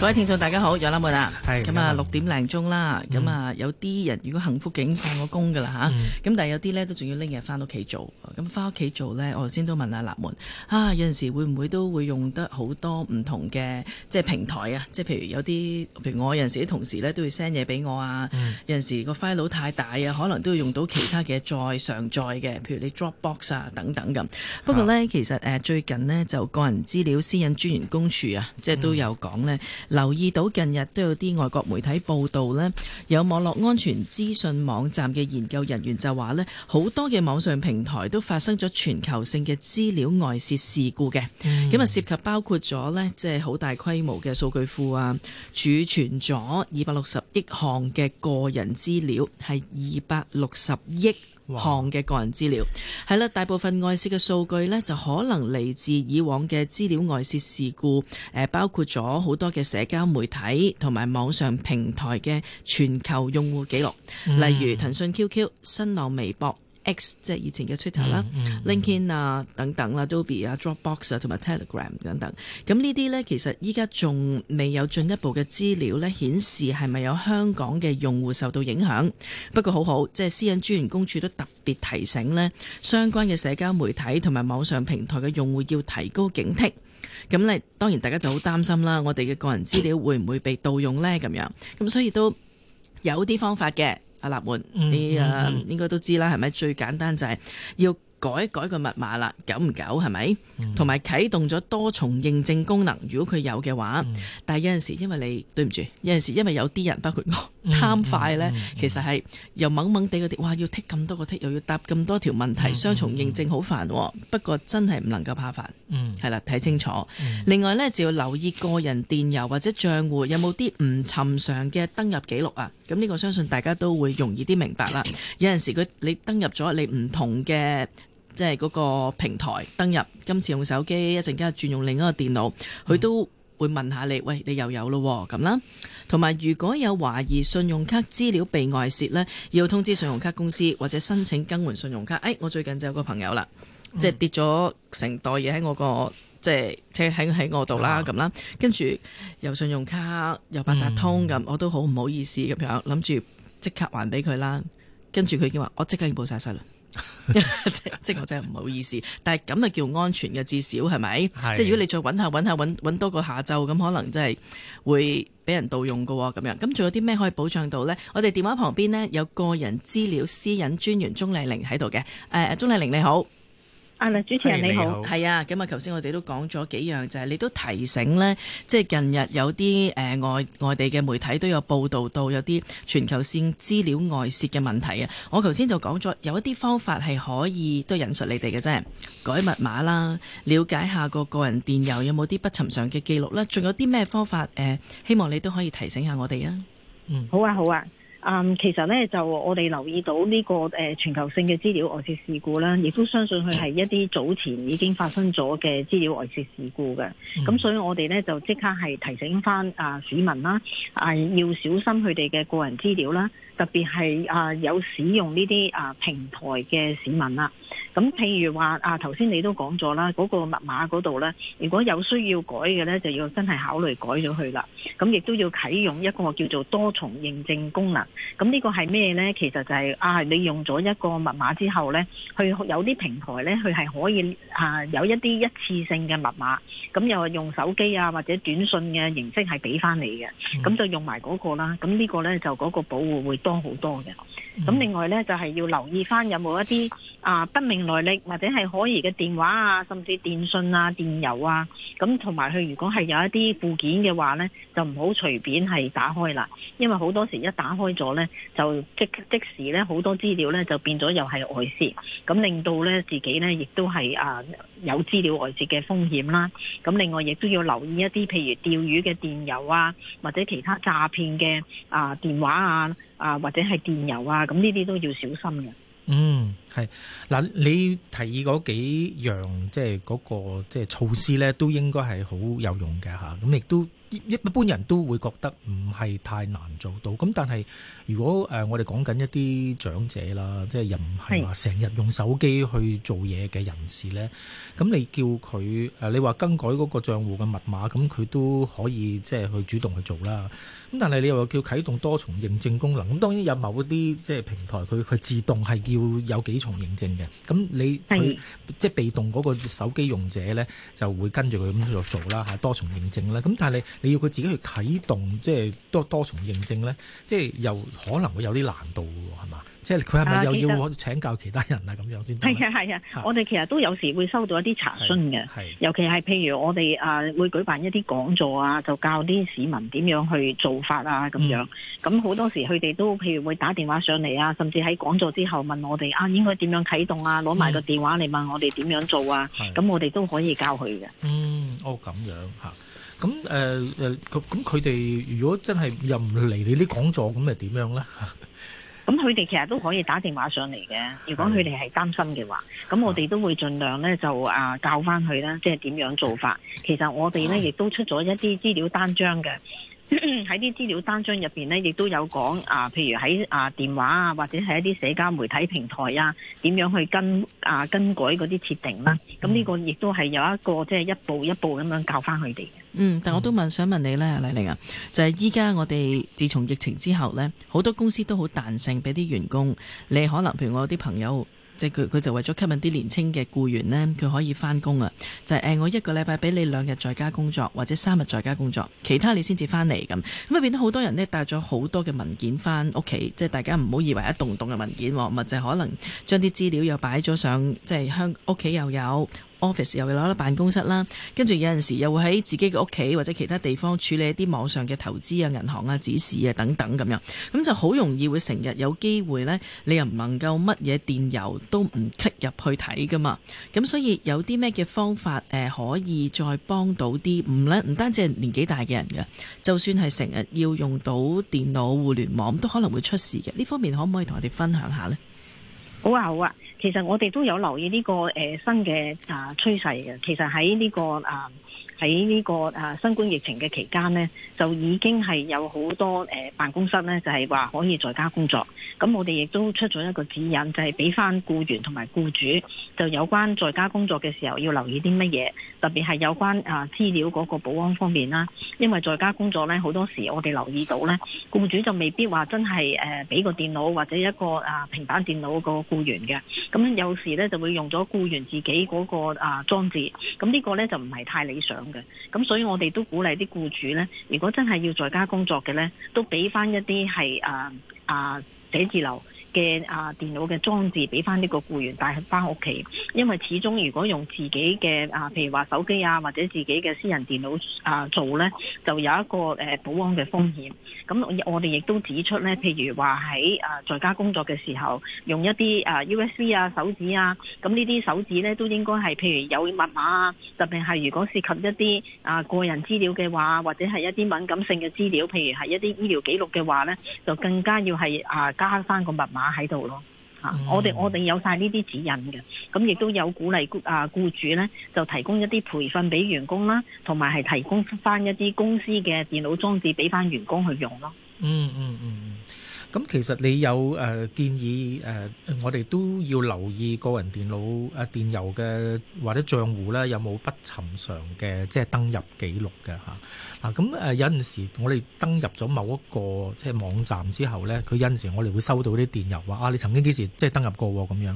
各位聽眾，大家好，有麗玲啦，咁啊是、嗯、六點零鐘啦，咁、嗯、啊有啲人如果幸福警放咗工噶啦嚇，咁、嗯、但係有啲咧都仲要拎嘢翻屋企做，咁翻屋企做咧，我頭先都問阿麗玲，啊有陣時會唔會都會用得好多唔同嘅即係平台啊，即係譬如有啲，譬如我有陣時啲同事咧都會 send 嘢俾我啊，嗯、有陣時個 file 太大啊，可能都要用到其他嘅再上載嘅，譬如你 Dropbox 啊等等咁。不過咧、啊、其實誒、呃、最近呢，就個人資料私隱專員公署啊，即係都有講咧。嗯嗯。留意到近日都有啲外國媒體報道咧，有網絡安全資訊網站嘅研究人員就話咧，好多嘅網上平台都發生咗全球性嘅資料外泄事故嘅，咁啊涉及包括咗咧，即係好大規模嘅數據庫啊，儲存咗二百六十億項嘅個人資料，係二百六十億。項嘅 Wow. 個人資料係啦，大部分外泄嘅數據呢，就可能嚟自以往嘅資料外泄事故，誒、呃、包括咗好多嘅社交媒體同埋網上平台嘅全球用戶記錄，例如騰訊 QQ、新浪微博。X 即係以前嘅 Twitter 啦、嗯、LinkedIn 啊等等啦、Adobe 啊、Dropbox 啊同埋 Telegram 等等。咁呢啲呢，其實依家仲未有進一步嘅資料呢，顯示係咪有香港嘅用戶受到影響。不過好好，即係私隱專員公署都特別提醒呢，相關嘅社交媒體同埋網上平台嘅用戶要提高警惕。咁呢，當然大家就好擔心啦，我哋嘅個人資料會唔會被盜用呢？咁樣咁所以都有啲方法嘅。阿立門，你啊、嗯嗯、應該都知啦，係咪？最簡單就係要改一改個密碼啦，久唔久係咪？同埋啟動咗多重認證功能，如果佢有嘅話，嗯、但係有陣時因為你對唔住，有陣時因為有啲人包括我。貪快呢，嗯嗯嗯、其實係又懵懵地嗰啲，哇！要剔咁多個剔，又要答咁多條問題，嗯嗯嗯、雙重認證好煩。不過真係唔能夠怕煩，係啦、嗯，睇清楚。嗯、另外呢，就要留意個人電郵或者賬戶有冇啲唔尋常嘅登入記錄啊。咁呢個相信大家都會容易啲明白啦。嗯嗯、有陣時佢你登入咗你唔同嘅，即係嗰個平台登入，今次用手機一陣間轉用另一個電腦，佢都、嗯。會問下你，喂，你又有咯，咁啦。同埋，如果有懷疑信用卡資料被外泄呢，要通知信用卡公司或者申請更換信用卡。誒、哎，我最近就有個朋友啦、嗯，即係跌咗成袋嘢喺我個即係，即喺喺我度啦咁啦。跟住又信用卡又八達通咁、嗯，我都好唔好意思咁樣諗住即刻還俾佢啦。跟住佢已經話我即刻報晒失啦。 即即我真係唔好意思，但係咁啊叫安全嘅至少係咪？是的 即係如果你再揾下揾下揾揾多個下晝咁，可能真係會俾人盜用噶咁樣。咁仲有啲咩可以保障到呢？我哋電話旁邊呢，有個人資料私隱專員鍾麗玲喺度嘅。誒、呃，鍾麗玲你好。主持人 hey, 你好，係啊，咁啊，頭先我哋都講咗幾樣，就係、是、你都提醒呢。即係近日有啲誒、呃、外外地嘅媒體都有報道到有啲全球性資料外泄嘅問題啊。我頭先就講咗有一啲方法係可以都引述你哋嘅啫，改密碼啦，了解下個個人電郵有冇啲不尋常嘅記錄啦，仲有啲咩方法誒、呃？希望你都可以提醒下我哋啊。嗯、好啊，好啊。啊，um, 其實咧就我哋留意到呢、這個誒、呃、全球性嘅資料外泄事故啦，亦都相信佢係一啲早前已經發生咗嘅資料外泄事故嘅。咁所以我哋咧就即刻係提醒翻啊，啊，啊，啊市民啦，係要小心佢哋嘅個人資料啦，特別係啊有使用呢啲啊平台嘅市民啦。咁譬如話啊，頭先你都講咗啦，嗰個密碼嗰度咧，如果有需要改嘅咧，就要真係考慮改咗佢啦。咁亦都要啟用一個叫做多重認證功能。咁呢個係咩咧？其實就係啊，你用咗一個密碼之後咧，佢有啲平台咧，佢係可以啊有一啲一次性嘅密碼，咁又係用手機啊或者短信嘅形式係俾翻你嘅。咁就用埋嗰個啦。咁呢個咧就嗰個保護會多好多嘅。咁另外咧就係要留意翻有冇一啲啊不明。來歷，或者係可疑嘅電話啊，甚至電訊啊、電郵啊，咁同埋佢如果係有一啲附件嘅話呢，就唔好隨便係打開啦，因為好多時一打開咗呢，就即即時呢好多資料呢就變咗又係外泄，咁令到呢自己呢亦都係啊有資料外泄嘅風險啦。咁另外亦都要留意一啲，譬如釣魚嘅電郵啊，或者其他詐騙嘅啊電話啊啊或者係電郵啊，咁呢啲都要小心嘅。嗯，係嗱，你提議嗰幾樣即係嗰、嗰個即係措施咧，都應該係好有用嘅吓，咁、啊、亦都。一一般人都會覺得唔係太難做到，咁但係如果誒、呃、我哋講緊一啲長者啦，即係又唔係話成日用手機去做嘢嘅人士咧，咁你叫佢誒你話更改嗰個賬戶嘅密碼，咁佢都可以即係去主動去做啦。咁但係你又叫啟動多重認證功能，咁當然有某啲即係平台佢佢自動係要有幾重認證嘅。咁你佢是即係被動嗰個手機用者咧，就會跟住佢咁去做啦嚇，多重認證啦。咁但係你你要佢自己去啟動，即係多多重認證呢？即係又可能會有啲難度喎，係嘛？即係佢係咪又要請教其他人啊咁樣先？係啊係啊，我哋其實都有時會收到一啲查詢嘅，尤其係譬如我哋啊、呃、會舉辦一啲講座啊，就教啲市民點樣去做法啊咁樣。咁好多時佢哋都譬如會打電話上嚟啊，甚至喺講座之後問我哋啊應該點樣啟動啊，攞埋個電話嚟問我哋點樣做啊，咁我哋都可以教佢嘅。嗯，哦咁樣嚇。啊咁誒誒，咁咁佢哋如果真係又唔嚟你啲講座，咁咪點樣咧？咁佢哋其實都可以打電話上嚟嘅，如果佢哋係擔心嘅話，咁我哋都會盡量咧就啊教返佢啦，即係點樣做法。其實我哋咧亦都出咗一啲資料單張嘅。喺啲 資料單張入邊呢，亦都有講啊，譬如喺啊電話啊，或者係一啲社交媒體平台啊，點樣去跟啊更改嗰啲設定啦、啊。咁呢個亦都係有一個即係一步一步咁樣教翻佢哋。嗯，嗯但我都問想問你呢，麗玲、嗯、啊，就係依家我哋自從疫情之後呢，好多公司都好彈性俾啲員工，你可能譬如我有啲朋友。即係佢佢就為咗吸引啲年青嘅僱員呢，佢可以翻工啊，就係、是、誒、呃，我一個禮拜俾你兩日在家工作，或者三日在家工作，其他你先至翻嚟咁。咁啊變咗好多人呢，帶咗好多嘅文件翻屋企，即係大家唔好以為一棟棟嘅文件，唔係，就是、可能將啲資料又擺咗上，即係響屋企又有，office 又會攞到辦公室啦，跟住有陣時又會喺自己嘅屋企或者其他地方處理一啲網上嘅投資啊、銀行啊、指示啊等等咁樣，咁就好容易會成日有機會呢，你又唔能夠乜嘢電郵都唔 click 入去睇噶嘛，咁所以有啲咩嘅方法誒、呃、可以再幫到啲唔唔單止係年紀大嘅人㗎，就算係成日要用到電腦、互聯網都可能會出事嘅呢方面，可唔可以同我哋分享下呢？好啊，好啊，其實我哋都有留意呢、這個誒、呃、新嘅啊、呃、趨勢嘅，其實喺呢、這個啊。呃喺呢個啊新冠疫情嘅期間呢就已經係有好多誒辦公室呢就係話可以在家工作。咁我哋亦都出咗一個指引，就係俾翻僱員同埋僱主，就有關在家工作嘅時候要留意啲乜嘢，特別係有關啊資料嗰個保安方面啦。因為在家工作呢，好多時我哋留意到呢，僱主就未必話真係誒俾個電腦或者一個啊平板電腦個僱員嘅，咁有時呢，就會用咗僱員自己嗰個啊裝置，咁呢個呢，就唔係太理想。咁，嗯，所以我哋都鼓勵啲僱主咧，如果真係要在家工作嘅咧，都俾翻一啲係啊啊寫字樓。嘅啊電腦嘅裝置俾翻呢個僱員帶翻屋企，因為始終如果用自己嘅啊，譬如話手機啊，或者自己嘅私人電腦啊做咧，就有一個誒、啊、保安嘅風險，咁我哋亦都指出咧，譬如話喺啊在家工作嘅時候，用一啲啊 USB 啊手指啊，咁呢啲手指咧都應該係譬如有密碼啊，特別係如果涉及一啲啊個人資料嘅話，或者係一啲敏感性嘅資料，譬如係一啲醫療記錄嘅話咧，就更加要係啊加翻個密碼。喺度咯，吓，我哋我哋有晒呢啲指引嘅，咁亦都有鼓勵啊僱主咧就提供一啲培訓俾員工啦，同埋係提供翻一啲公司嘅電腦裝置俾翻員工去用咯。嗯嗯嗯。 咁其實你有誒建議，誒，我哋都要留意個人電腦誒電郵嘅或者賬戶咧，有冇不尋常嘅即係登入記錄嘅吓，啊咁誒有陣時我哋登入咗某一個即係網站之後咧，佢有陣時我哋會收到啲電郵話啊，你曾經幾時即係登入過，咁樣，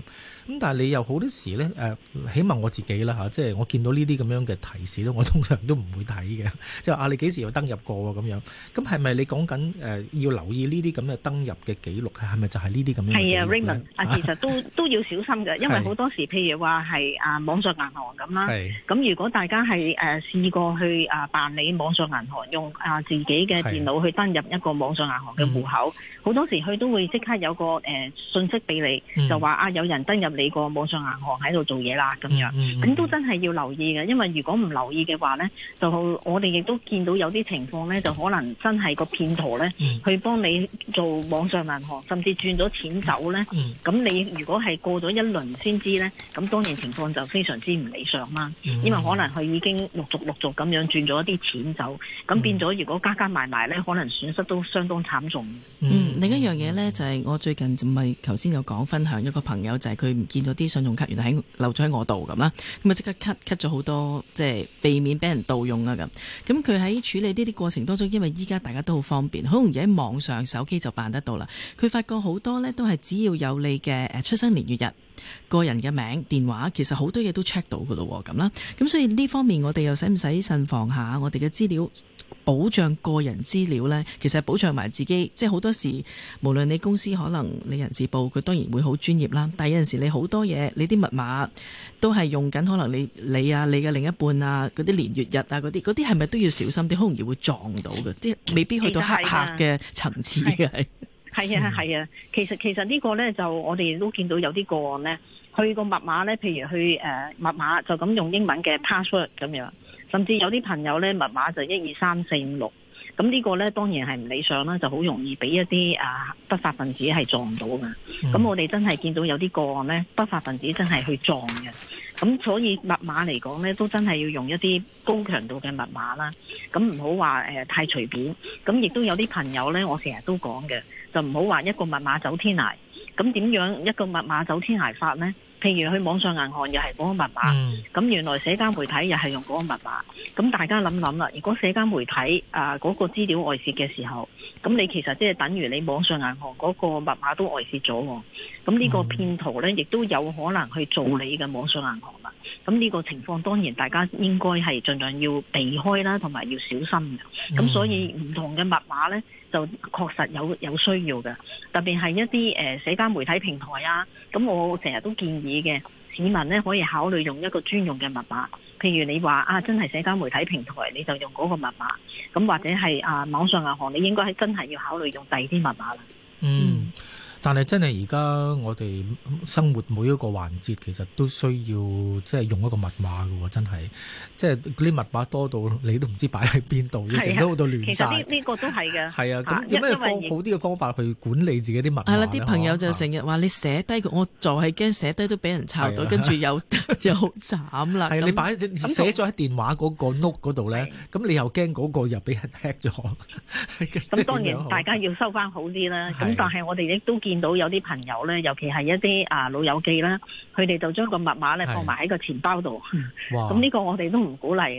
咁但係你又好多時咧誒，起碼我自己啦吓，即係我見到呢啲咁樣嘅提示咧，我通常都唔會睇嘅，即係啊你幾時有登入過，咁樣，咁係咪你講緊誒要留意呢啲咁嘅登？入嘅記錄係咪就係呢啲咁樣？係啊，Raymond 啊，其實都都要小心嘅，因為好多時譬如話係啊網上銀行咁啦，咁是如果大家係誒、呃、試過去啊辦理網上銀行用啊自己嘅電腦去登入一個網上銀行嘅戶口，好、嗯、多時佢都會即刻有個誒、呃、信息俾你，就話啊有人登入你個網上銀行喺度做嘢啦咁樣，咁、嗯嗯嗯、都真係要留意嘅，因為如果唔留意嘅話呢，就我哋亦都見到有啲情況呢，就可能真係個騙徒呢去幫你做。網上銀行甚至轉咗錢走呢？咁、嗯、你如果係過咗一輪先知呢？咁當然情況就非常之唔理想啦。嗯、因為可能佢已經陸續陸續咁樣轉咗一啲錢走，咁變咗如果加加埋埋呢，嗯、可能損失都相當慘重。嗯嗯、另一樣嘢呢，嗯、就係我最近咪頭先有講分享一個朋友，就係佢唔見咗啲信用卡，原來喺留咗喺我度咁啦，咁啊即刻 cut cut 咗好多，即係避免俾人盜用啊咁。咁佢喺處理呢啲過程當中，因為依家大家都好方便，好容易喺網上手機就辦得。到啦，佢發覺好多咧都係只要有你嘅誒出生年月日、個人嘅名、電話，其實好多嘢都 check 到噶咯咁啦。咁、嗯、所以呢方面，我哋又使唔使慎防下我哋嘅資料保障個人資料呢？其實保障埋自己，即係好多時，無論你公司可能你人事部，佢當然會好專業啦。但係有陣時你好多嘢，你啲密碼都係用緊，可能你你啊、你嘅另一半啊、嗰啲年月日啊嗰啲，嗰啲係咪都要小心啲？好容易會撞到嘅，即未必去到黑客嘅層次嘅。 係啊，係啊，其實其實呢個呢就我哋都見到有啲個案呢，佢個密碼呢，譬如去誒、呃、密碼就咁用英文嘅 password 咁樣，甚至有啲朋友呢，密碼就一二三四五六，咁呢個呢，當然係唔理想啦，就好容易俾一啲啊不法分子係撞到噶。咁、嗯、我哋真係見到有啲個案呢，不法分子真係去撞嘅。咁所以密碼嚟講呢，都真係要用一啲高強度嘅密碼啦。咁唔好話誒太隨便。咁亦都有啲朋友呢，我成日都講嘅。就唔好話一個密碼走天涯，咁點樣一個密碼走天涯法呢？譬如去網上銀行又係嗰個密碼，咁、mm. 原來社交媒體又係用嗰個密碼，咁大家諗諗啦，如果社交媒體啊嗰、呃那個資料外泄嘅時候，咁你其實即係等於你網上銀行嗰個密碼都外泄咗喎，咁呢個騙徒呢，亦都有可能去做你嘅網上銀行啦，咁呢、mm. 個情況當然大家應該係盡量要避開啦，同埋要小心嘅，咁、mm. 所以唔同嘅密碼呢，就確實有有需要嘅，特別係一啲誒社交媒體平台啊，咁我成日都建議，市民咧，可以考慮用一個專用嘅密碼，譬如你話啊，真係社交媒體平台，你就用嗰個密碼，咁或者係啊網上銀行，你應該係真係要考慮用第二啲密碼啦。嗯。但係真係而家我哋生活每一個環節，其實都需要即係用一個密碼嘅喎，真係即係啲密碼多到你都唔知擺喺邊度，要成都好多亂。其實呢呢個都係嘅。係啊，咁有咩方法好啲嘅方法去管理自己啲密碼？係啦，啲朋友就成日話：你寫低，我就係驚寫低都俾人抄到，跟住又又斬啦。係啊，你擺寫咗喺電話嗰個 note 嗰度咧，咁你又驚嗰個又俾人 hack 咗。咁當然大家要收翻好啲啦。咁但係我哋亦都見。見到有啲朋友咧，尤其係一啲啊老友記啦，佢哋就將個密碼咧放埋喺個錢包度。咁呢、啊、 個我哋都唔鼓勵，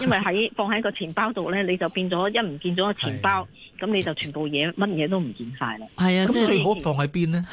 因為喺放喺個錢包度咧，你就變咗一唔見咗個錢包，咁、啊、你就全部嘢乜嘢都唔見晒啦。係啊，咁最好放喺邊咧？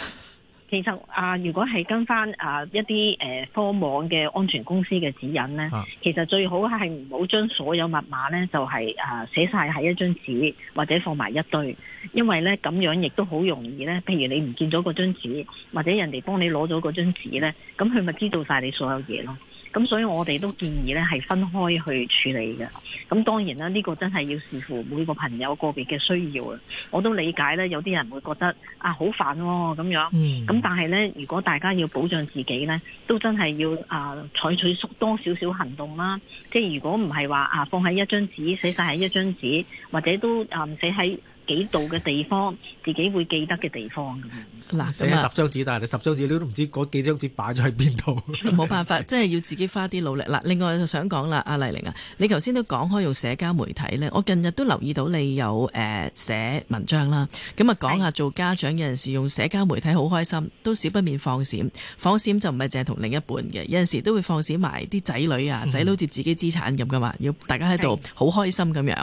其實啊、呃，如果係跟翻啊、呃、一啲誒、呃、科網嘅安全公司嘅指引呢，其實最好係唔好將所有密碼呢就係、是、啊、呃、寫晒喺一張紙或者放埋一堆，因為呢，咁樣亦都好容易呢，譬如你唔見咗嗰張紙，或者人哋幫你攞咗嗰張紙呢，咁佢咪知道晒你所有嘢咯。咁所以我哋都建議咧係分開去處理嘅。咁當然啦，呢個真係要視乎每個朋友個別嘅需要啊。我都理解咧，有啲人會覺得啊好煩喎咁樣。咁但係咧，如果大家要保障自己咧，都真係要啊採取縮多少少行動啦。即係如果唔係話啊放喺一張紙寫晒喺一張紙，或者都啊唔寫喺，寫幾度嘅地方，自己會記得嘅地方咁樣。嗱，寫十張紙，但係你十張紙，你都唔知嗰幾張紙擺咗喺邊度。冇辦法，即係 要自己花啲努力。嗱，另外就想講啦，阿、啊、麗玲啊，你頭先都講開用社交媒體呢，我近日都留意到你有誒、呃、寫文章啦。咁啊，講下做家長的有陣時用社交媒體好開心，都少不免放閃。放閃就唔係淨係同另一半嘅，有陣時都會放閃埋啲仔女啊，仔、嗯、女好似自己資產咁噶嘛，要大家喺度好開心咁樣。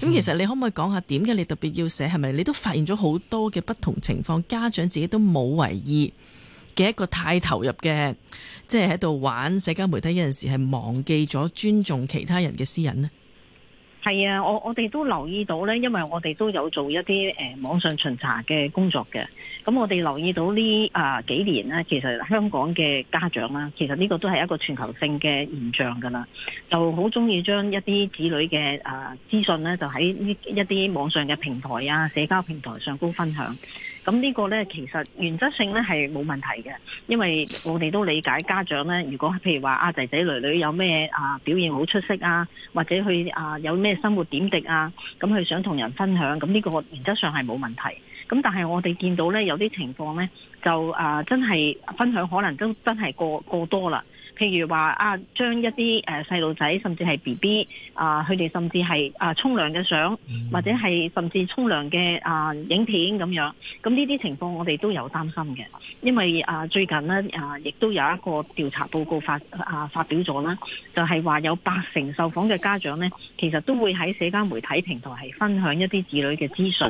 咁的其實你可唔可以講下點解？你特別要寫係咪你都發現咗好多嘅不同情況？家長自己都冇為意嘅，一個太投入嘅，即係喺度玩社交媒體有陣時，係忘記咗尊重其他人嘅私隱呢。係啊，我我哋都留意到咧，因為我哋都有做一啲誒、呃、網上巡查嘅工作嘅。咁我哋留意到呢啊、呃、幾年咧，其實香港嘅家長啦，其實呢個都係一個全球性嘅現象噶啦，就好中意將一啲子女嘅啊、呃、資訊咧，就喺呢一啲網上嘅平台啊、社交平台上高分享。咁呢個呢，其實原則性呢係冇問題嘅，因為我哋都理解家長呢，如果譬如話啊仔仔女女有咩啊表現好出色啊，或者佢啊有咩生活點滴啊，咁佢想同人分享，咁呢個原則上係冇問題。咁但係我哋見到咧，有啲情況咧，就啊、呃、真係分享可能都真係過過多啦。譬如話啊，將一啲誒細路仔甚至係 B B 啊，佢、呃、哋甚至係啊沖涼嘅相，或者係甚至沖涼嘅啊影片咁樣，咁呢啲情況我哋都有擔心嘅，因為啊、呃、最近咧啊，亦、呃、都有一個調查報告發啊、呃、發表咗啦，就係、是、話有八成受訪嘅家長咧，其實都會喺社交媒體平台係分享一啲子女嘅資訊，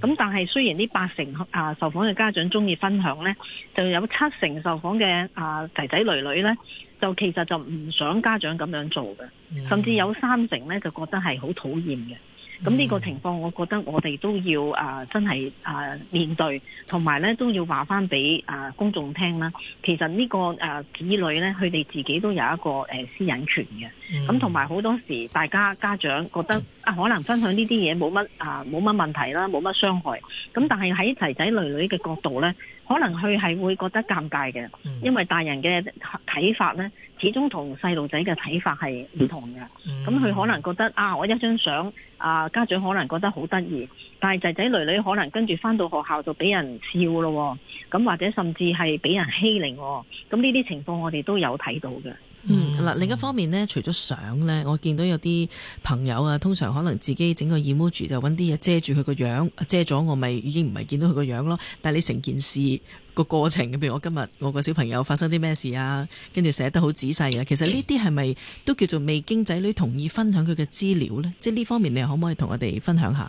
咁但係雖然呢八成啊、呃、受訪嘅家長中意分享咧，就有七成受訪嘅啊仔仔女女咧，就其實就唔想家長咁樣做嘅，甚至有三成咧就覺得係好討厭嘅。咁呢、嗯、個情況，我覺得我哋都要啊、呃，真係啊、呃、面對，同埋咧都要話翻俾啊公眾聽啦。其實、這個呃、呢個誒子女咧，佢哋自己都有一個誒、呃、私隱權嘅。咁同埋好多時，大家家長覺得啊，可能分享呢啲嘢冇乜啊，冇、呃、乜問題啦，冇乜傷害。咁但係喺仔仔女女嘅角度咧，可能佢係會覺得尷尬嘅，因為大人嘅睇法咧。始終同細路仔嘅睇法係唔同嘅，咁佢可能覺得啊，我一張相啊，家長可能覺得好得意，但係仔仔女女可能跟住返到學校就俾人笑咯喎，咁或者甚至係俾人欺凌喎，咁呢啲情況我哋都有睇到嘅。嗯，嗱，另一方面咧，嗯、除咗相咧，我見到有啲朋友啊，通常可能自己整個 emoji 就揾啲嘢遮住佢個樣，遮咗我咪已經唔係見到佢個樣咯。但係你成件事個過程，譬如我今日我個小朋友發生啲咩事啊，跟住寫得好仔細啊，其實呢啲係咪都叫做未經仔女同意分享佢嘅資料呢？即係呢方面你可唔可以同我哋分享下？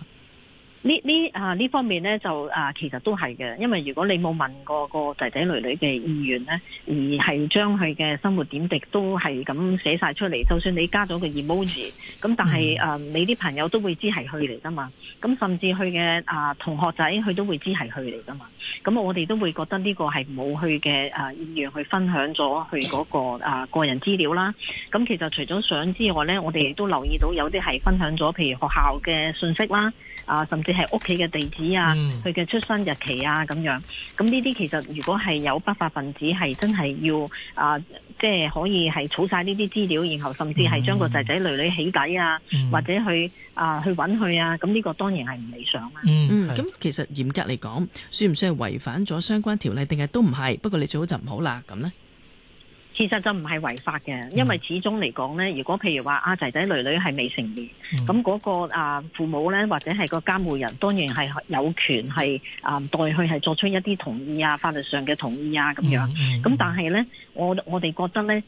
呢呢啊呢方面咧就啊，其實都係嘅，因為如果你冇問過個仔仔女女嘅意願咧，而係將佢嘅生活點滴都係咁寫晒出嚟，就算你加咗個 emoji，咁但係啊，你啲朋友都會知係佢嚟㗎嘛，咁甚至佢嘅啊同學仔佢都會知係佢嚟㗎嘛，咁我哋都會覺得呢個係冇佢嘅啊意願去分享咗佢嗰個啊個人資料啦。咁其實除咗相之外咧，我哋亦都留意到有啲係分享咗，譬如學校嘅訊息啦。啊，甚至係屋企嘅地址啊，佢嘅、嗯、出生日期啊，咁樣，咁呢啲其實如果係有不法分子係真係要啊，即係可以係儲晒呢啲資料，然後甚至係將個仔仔女女起底啊，嗯、或者去啊去揾佢啊，咁呢、啊、個當然係唔理想啦、啊。嗯、咁、嗯、其實嚴格嚟講，算唔算係違反咗相關條例，定係都唔係？不過你最好就唔好啦，咁呢。其實就唔係違法嘅，因為始終嚟講咧，如果譬如話阿仔仔、啊、仔仔女女係未成年，咁嗰、嗯嗰個啊、呃、父母咧，或者係個監護人，當然係有權係啊、呃、代佢係作出一啲同意啊，法律上嘅同意啊咁樣。咁、嗯嗯嗯、但係咧，我我哋覺得咧，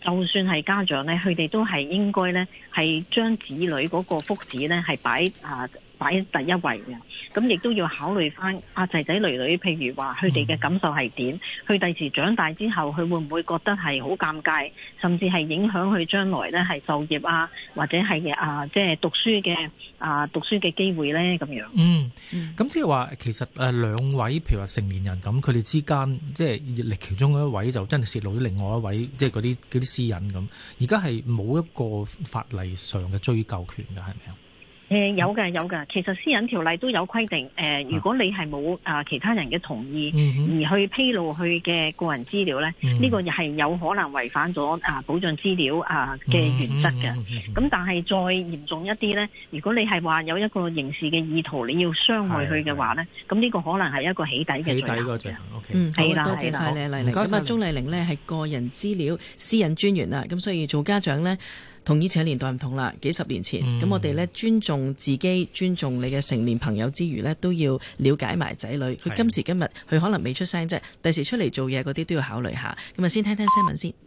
就算係家長咧，佢哋都係應該咧係將子女嗰個福祉咧係擺啊，擺第一位嘅，咁亦都要考慮返阿仔仔女女，譬如話佢哋嘅感受係點，佢第、嗯、時長大之後，佢會唔會覺得係好尷尬，甚至係影響佢將來咧係就業啊，或者係啊即係、就是、讀書嘅啊讀書嘅機會咧咁樣嗯。嗯，咁、嗯、即係話其實誒兩位，譬如話成年人咁，佢哋之間即係力其中一位就真係泄露咗另外一位，即係嗰啲嗰啲私隱咁，而家係冇一個法例上嘅追究權噶，係咪啊？誒，有嘅有嘅，其實私隱條例都有規定，誒，如果你係冇啊其他人嘅同意，而去披露佢嘅個人資料呢，呢、嗯嗯、個又係有可能違反咗啊保障資料啊嘅原則嘅。咁、嗯嗯嗯嗯、但係再嚴重一啲呢，如果你係話有一個刑事嘅意圖，你要傷害佢嘅話呢，咁呢、嗯、個可能係一個起底嘅罪行。起底嘅罪行，OK，係啦，多謝晒你，麗玲。咁啊謝謝，鍾麗玲呢係個人資料私隱專員啊，咁所以做家長呢。同以前嘅年代唔同啦，幾十年前咁、嗯、我哋呢尊重自己、尊重你嘅成年朋友之餘呢，都要了解埋仔女。佢今時今日佢可能未出聲啫，第時出嚟做嘢嗰啲都要考慮下。咁啊，先聽聽新聞先。